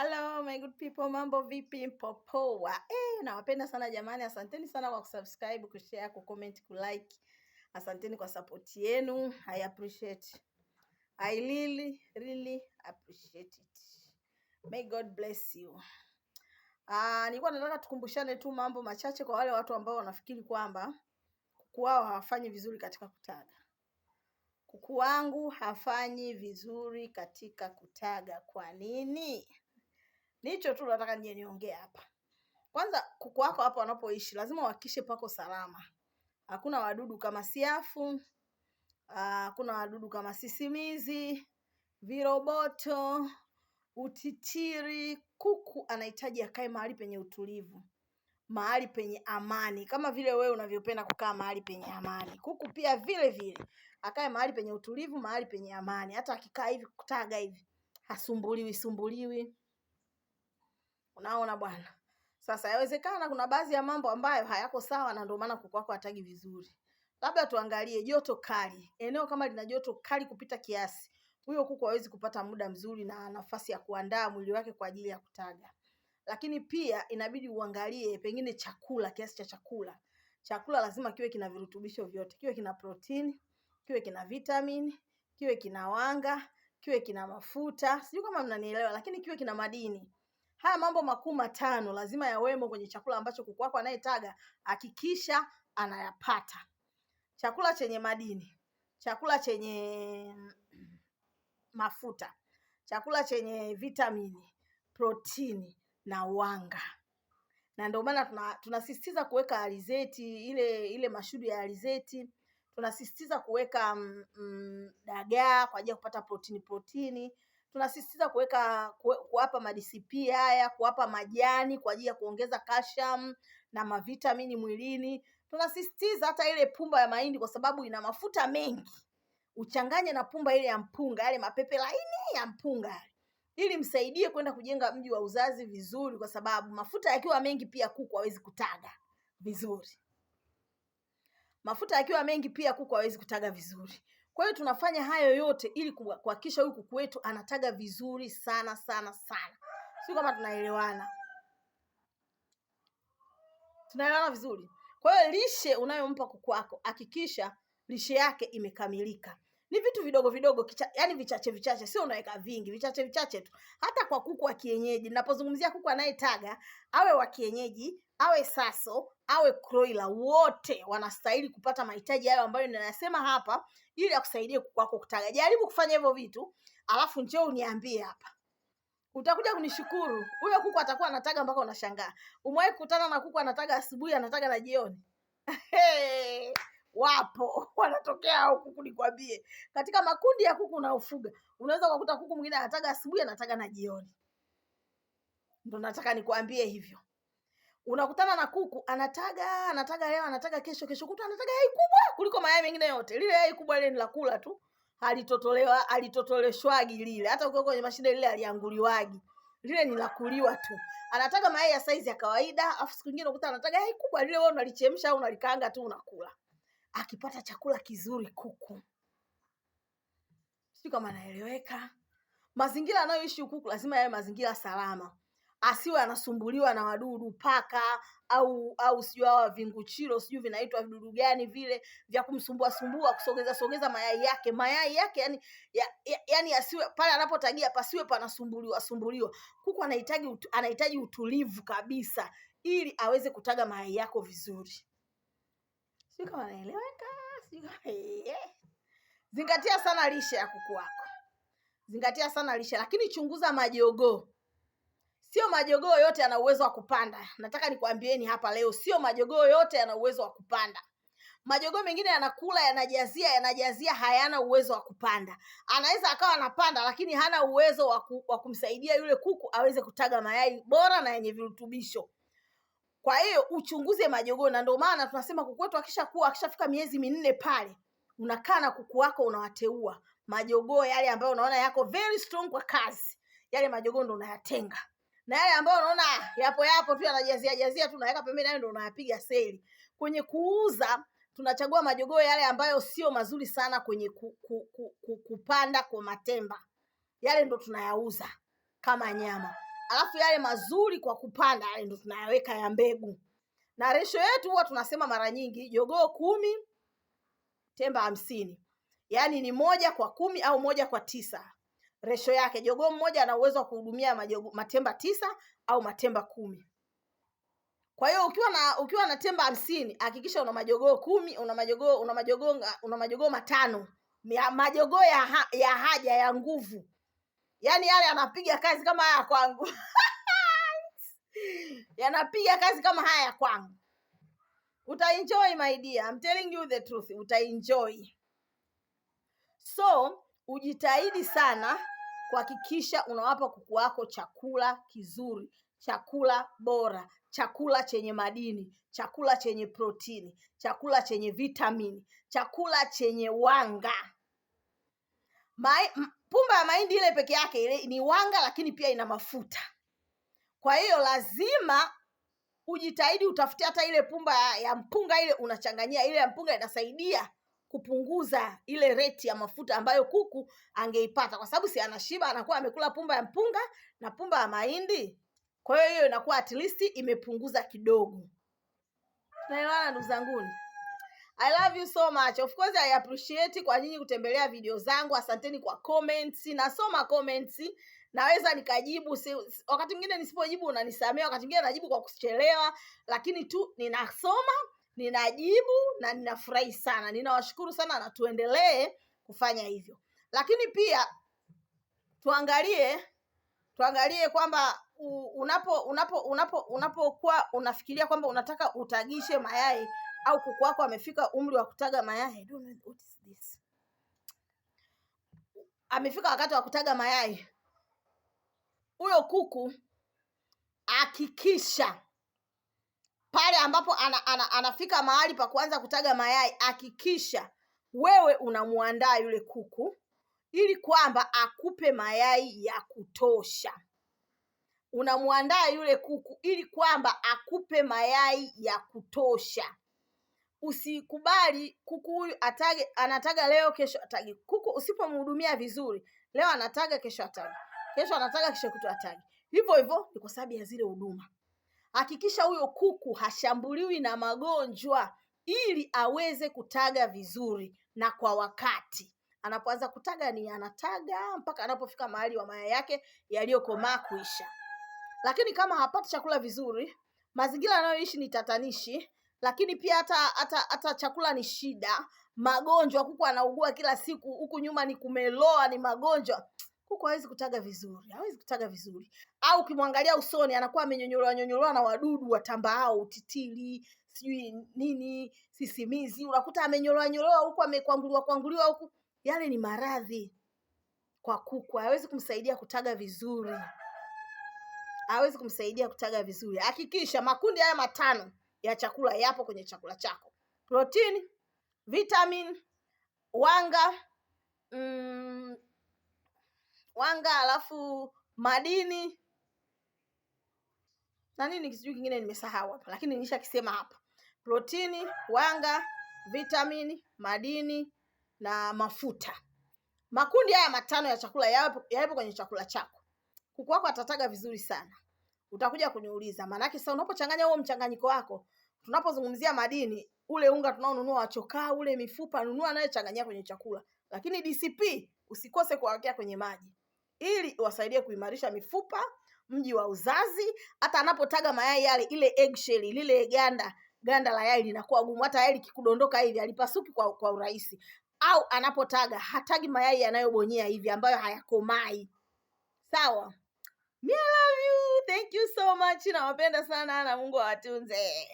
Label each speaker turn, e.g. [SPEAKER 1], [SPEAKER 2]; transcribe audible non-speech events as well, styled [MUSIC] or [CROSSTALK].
[SPEAKER 1] Hello my good people, mambo vipi? Mpopoa eh, nawapenda sana jamani. Asanteni sana kwa kusubscribe, kushare, kucomment, kulike. Asanteni kwa support yenu, I appreciate. I really, really appreciate it. May God bless you. Ah, nilikuwa nataka tukumbushane tu mambo machache kwa wale watu ambao wanafikiri kwamba kuku wao hawafanyi vizuri katika kutaga. Kuku wangu hafanyi vizuri katika kutaga. Kwa nini? Nicho tu nataka nije niongee hapa. Kwanza kuku wako hapo wanapoishi lazima uhakikishe pako salama. Hakuna wadudu kama siafu, ah, hakuna wadudu kama sisimizi, viroboto, utitiri. Kuku anahitaji akae mahali penye utulivu, mahali penye amani, kama vile wewe unavyopenda kukaa mahali penye amani. Kuku pia vile vile akae mahali penye utulivu, mahali penye amani. Hata akikaa hivi kutaga hivi hasumbuliwi sumbuliwi Unaona bwana. Sasa yawezekana kuna baadhi ya mambo ambayo hayako sawa na ndio maana kuku wako hatagi vizuri. Labda tuangalie joto kali. Eneo kama lina joto kali kupita kiasi, huyo kuku hawezi kupata muda mzuri na nafasi ya kuandaa mwili wake kwa ajili ya kutaga. Lakini pia inabidi uangalie pengine chakula, kiasi cha chakula. Chakula lazima kiwe kina virutubisho vyote. Kiwe kina protini, kiwe kina vitamini, kiwe kina wanga, kiwe kina mafuta. Sijui kama mnanielewa, lakini kiwe kina madini. Haya mambo makuu matano lazima yawemo kwenye chakula ambacho kuku wako anayetaga hakikisha anayapata: chakula chenye madini, chakula chenye mafuta, chakula chenye vitamini, protini na wanga. Na ndio maana tunasisitiza tuna kuweka alizeti ile ile mashudu ya alizeti tunasisitiza kuweka mm, mm dagaa kwa ajili ya kupata protini protini tunasisitiza kuweka kuwapa madisipi haya, kuwapa majani kwa ajili ya kuongeza calcium na mavitamini mwilini. Tunasisitiza hata ile pumba ya mahindi kwa sababu ina mafuta mengi, uchanganye na pumba ile ya mpunga, yale mapepe laini ya mpunga, ili msaidie kwenda kujenga mji wa uzazi vizuri, kwa sababu mafuta yakiwa mengi pia kuku hawezi kutaga vizuri. Mafuta yakiwa mengi pia kuku hawezi kutaga vizuri. Kwa hiyo tunafanya hayo yote ili kuhakikisha huyu kuku wetu anataga vizuri sana sana sana, sio kama tunaelewana? Tunaelewana vizuri. Kwa hiyo lishe unayompa kuku wako hakikisha lishe yake imekamilika. Ni vitu vidogo vidogo kicha, yani vichache vichache, sio unaweka vingi, vichache vichache tu. Hata kwa kuku wa kienyeji, ninapozungumzia kuku anayetaga awe wa kienyeji, awe Saso awe Kroila, wote wanastahili kupata mahitaji hayo ambayo ninayasema hapa, ili akusaidie kwako kutaga. Jaribu kufanya hivyo vitu, alafu njoo uniambie hapa, utakuja kunishukuru. Huyo kuku atakuwa anataga mpaka unashangaa. Umewahi kukutana na kuku anataga asubuhi, anataga na jioni? [LAUGHS] wapo [LAUGHS] wanatokea au kuku, nikwambie. Katika makundi ya kuku unaofuga unaweza ukakuta kuku mwingine anataga asubuhi, anataga na jioni. Ndo nataka nikwambie hivyo unakutana na kuku anataga anataga leo anataga kesho kesho kutu anataga yai kubwa kuliko mayai mengine yote. Lile yai kubwa lile ni la kula tu, halitotolewa alitotoleshwagi lile, hata ukiwa kwenye mashine lile alianguliwagi lile ni la kuliwa tu. Anataga mayai ya saizi ya kawaida, afu siku nyingine unakuta anataga yai kubwa lile, wewe unalichemsha au unalikaanga tu unakula. Akipata chakula kizuri kuku, sio kama anaeleweka Mazingira anayoishi kuku lazima yawe mazingira salama asiwe anasumbuliwa na wadudu paka au au sijui hawa vinguchiro sijui vinaitwa vidudu gani vile vya kumsumbua sumbua kusogeza sogeza mayai yake mayai yake yani ya, ya, yani asiwe pale anapotagia pasiwe panasumbuliwa sumbuliwa kuku anahitaji utu, anahitaji utulivu kabisa ili aweze kutaga mayai yako vizuri sijui kama anaeleweka eh. zingatia sana lisha ya kuku wako zingatia sana lisha lakini chunguza majogoo Sio majogoo yote yana uwezo wa kupanda. Nataka nikwambieni hapa leo, sio majogoo yote yana uwezo wa kupanda. Majogoo mengine yanakula, yanajazia, yanajazia, hayana uwezo wa kupanda. Anaweza akawa anapanda, lakini hana uwezo wa waku, kumsaidia yule kuku aweze kutaga mayai bora na yenye virutubisho. Kwa hiyo uchunguze majogoo, na ndio maana tunasema kuku wetu akishakuwa, akishafika miezi minne pale, unakaa na kuku wako unawateua majogoo yale ambayo unaona yako very strong kwa kazi, yale majogoo ndo unayatenga na yale ambayo unaona yapo yapo tu yanajazia jazia tu unaweka pembeni, nayo ndio unayapiga seli. Kwenye kuuza tunachagua majogoo yale ambayo sio mazuri sana kwenye ku, ku, ku, ku, kupanda kwa matemba, yale ndo tunayauza kama nyama, alafu yale mazuri kwa kupanda yale ndio tunayaweka ya mbegu. Na resho yetu huwa tunasema mara nyingi jogoo kumi temba hamsini, yaani ni moja kwa kumi au moja kwa tisa resho yake, jogoo mmoja ana uwezo wa kuhudumia matemba tisa au matemba kumi. Kwa hiyo ukiwa na ukiwa na temba hamsini hakikisha una majogoo kumi, una majogoo una majogoo una majogoo matano, majogoo ya, ha, ya haja ya nguvu, yaani yale yanapiga kazi kama haya kwangu [LAUGHS] yanapiga kazi kama haya kwangu. Utaenjoy my dear, I'm telling you the truth, utaenjoy so ujitahidi sana kuhakikisha unawapa kuku wako chakula kizuri, chakula bora, chakula chenye madini, chakula chenye protini, chakula chenye vitamini, chakula chenye wanga. Mai, pumba ya mahindi ile peke yake ile ni wanga, lakini pia ina mafuta. Kwa hiyo lazima ujitahidi utafute hata ile pumba ya, ya mpunga ile unachanganyia ile ya mpunga inasaidia kupunguza ile reti ya mafuta ambayo kuku angeipata, kwa sababu si anashiba, anakuwa amekula pumba ya mpunga na pumba ya mahindi. Kwa hiyo hiyo inakuwa at least imepunguza kidogo. Naelewana ndugu zanguni? I love you so much. Of course I appreciate kwa nyinyi kutembelea video zangu. Asanteni kwa comments. Nasoma comments. Naweza nikajibu si, wakati mwingine nisipojibu unanisamea, wakati mwingine najibu kwa kuchelewa, lakini tu ninasoma ninajibu na ninafurahi sana, ninawashukuru sana na tuendelee kufanya hivyo. Lakini pia tuangalie tuangalie kwamba unapo unapo unapo unapokuwa unafikiria kwamba unataka utagishe mayai au kuku wako amefika umri wa kutaga mayai. what is this. Amefika wakati wa kutaga mayai, huyo kuku hakikisha pale ambapo ana, ana, anafika mahali pa kuanza kutaga mayai, hakikisha wewe unamwandaa yule kuku ili kwamba akupe mayai ya kutosha. Unamwandaa yule kuku ili kwamba akupe mayai ya kutosha. Usikubali kuku huyu atage, anataga leo, kesho atage. Kuku usipomhudumia vizuri, leo anataga, kesho atage, kesho anataga, kesho kutu atage. Hivyo hivyo ni kwa sababu ya zile huduma hakikisha huyo kuku hashambuliwi na magonjwa ili aweze kutaga vizuri na kwa wakati anapoanza kutaga ni anataga mpaka anapofika mahali wa mayai yake yaliyokomaa kuisha. Lakini kama hapati chakula vizuri, mazingira anayoishi ni tatanishi, lakini pia hata hata hata chakula ni shida, magonjwa, kuku anaugua kila siku, huku nyuma ni kumeloa, ni magonjwa kuku hawezi kutaga vizuri, hawezi kutaga vizuri. Au ukimwangalia usoni anakuwa amenyonyolewa nyonyolewa na wadudu watambaao, utitili, sijui nini, sisimizi, unakuta amenyolewa nyolewa huku, amekwanguliwa kwanguliwa huku. Yale ni maradhi kwa kuku, hawezi kumsaidia kutaga vizuri, hawezi kumsaidia kutaga vizuri. Hakikisha makundi haya matano ya chakula yapo kwenye chakula chako: protini, vitamin, wanga mm, wanga alafu madini na nini kitu kingine nimesahau hapa, lakini nilishakisema hapa: protini, wanga, vitamini, madini na mafuta. Makundi haya matano ya chakula yapo kwenye chakula chako. Kuku wako atataga vizuri sana. Utakuja kuniuliza, maanake sasa unapochanganya huo mchanganyiko wako, tunapozungumzia madini, ule unga tunaonunua wachokaa, ule mifupa, nunua nayo, changanyia kwenye chakula, lakini DCP usikose kuwawekea kwenye maji ili iwasaidie kuimarisha mifupa, mji wa uzazi. Hata anapotaga mayai yale, ile eggshell, lile ganda ganda la yai linakuwa gumu, hata yai likikudondoka hivi alipasuki kwa, kwa urahisi. Au anapotaga hatagi mayai yanayobonyea hivi ambayo hayakomai. Sawa. Me I love you. Thank you so much. Nawapenda sana na Mungu awatunze.